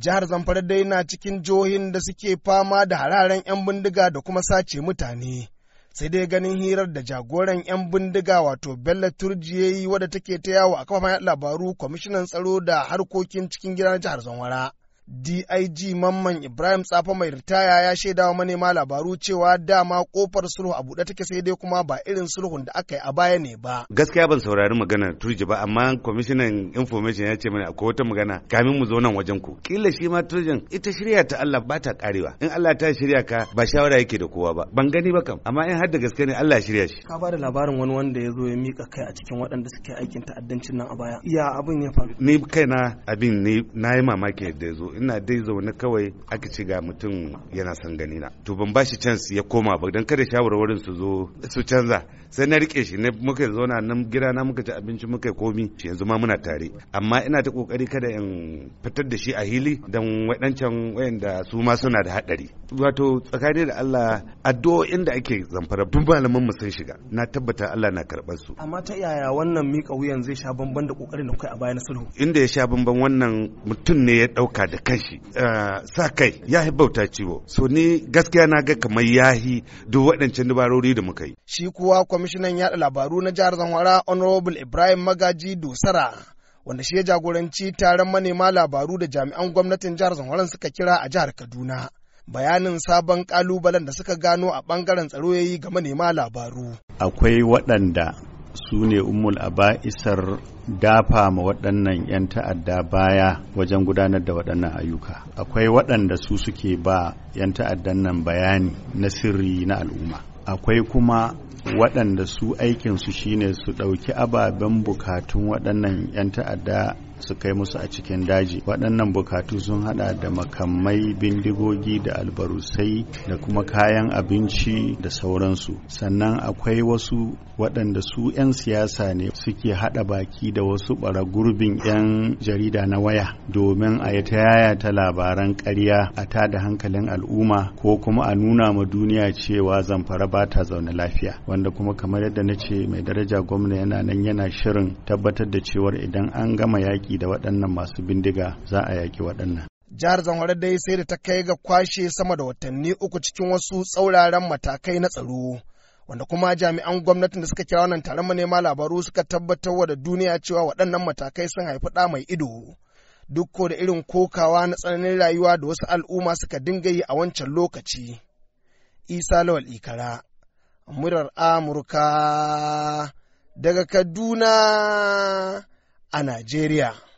Jihar Zamfara dai na cikin jihohin da suke fama da hararen 'yan bindiga da kuma sace mutane. Sai dai ganin hirar da jagoran 'yan bindiga wato Bello Turji ya yi wadda take ta yawo a kafafen labaru kwamishinan tsaro da harkokin cikin gida na jihar Zamfara. dig mamman ibrahim tsafa mai ritaya ya shaida wa manema labaru cewa dama kofar sulhu a buɗe take sai dai kuma ba irin sulhun da aka yi a baya ne ba gaskiya ban saurari magana turji ba amma kwamishinan information ya ce mana akwai wata magana kamin mu zo nan wajen ku kila shi ma turjin ita shirya ta Allah ba ta karewa in Allah ta shirya ka ba shawara yake da kowa ba ban gani ba kam amma in har da gaske ne Allah shirya shi ka ba da labarin wani wanda ya zo ya mika kai a cikin waɗanda suke aikin ta'addancin nan a baya iya abin ya faru ni kaina abin ni na yi mamaki da ya zo ina dai zaune kawai aka ce ga mutum yana son gani na to ban bashi chance ya koma ba dan kada shawarwarin su zo su canza sai na rike shi ne muka zauna nan gida na muka ci abinci muka komi yanzu ma muna tare amma ina ta kokari kada in fitar da shi a hili dan waɗancan wayanda su ma suna da haɗari wato tsakani da Allah addu'o'in da ake zamfara duk malaman mu sun shiga na tabbata Allah na karɓar su amma ta yaya wannan mika wuyan zai sha bamban da kokarin da kai a bayan sulhu inda ya sha bamban wannan mutum ne ya dauka da kanshi ah, sa kai yahi bauta ciwo so ni gaskiya na ga kamar yahi duk waɗancan dabarori da muka yi shi kuwa kwamishinan yaɗa labaru na jihar Zamfara honorable Ibrahim Magaji Dosara wanda shi ya jagoranci taron manema labaru da jami'an gwamnatin jihar Zamfara suka kira a jihar Kaduna bayanin sabon kalubalen da suka gano a bangaren tsaro yayi ga manema labaru akwai waɗanda su ne umul aba'isar dafa ma waɗannan 'yan ta'adda baya wajen gudanar da waɗannan ayyuka akwai waɗanda su suke ba 'yan ta'addan nan bayani na sirri na al'umma akwai kuma waɗanda su aikinsu shine su ɗauki ababen bukatun waɗannan 'yan ta'adda su kai musu a cikin daji waɗannan bukatu sun hada da makamai bindigogi da albarusai da kuma kayan abinci da sauransu sannan akwai wasu waɗanda su 'yan siyasa ne suke hada baki da wasu bara gurbin 'yan jarida na waya domin a yi ta yaya ta labaran ƙarya a ta da hankalin al'umma ko kuma a nuna ma duniya cewa zamfara ba ta zaune lafiya wanda kuma kamar yadda na ce mai daraja gwamna yana nan yana shirin tabbatar da cewar idan an gama yaki yaƙi da waɗannan masu bindiga za a yaƙi waɗannan. Jihar Zamfara dai sai da ta kai ga kwashe sama da watanni uku cikin wasu tsauraran matakai na tsaro. Wanda kuma jami'an gwamnatin da suka kira wannan taron manema labaru suka tabbatar wa da duniya cewa waɗannan matakai sun haifi ɗa mai ido. Duk ko da irin kokawa na tsananin rayuwa da wasu al'umma suka dinga yi a wancan lokaci. Isa Lawal Ikara, murar Amurka daga Kaduna. a Najeriya.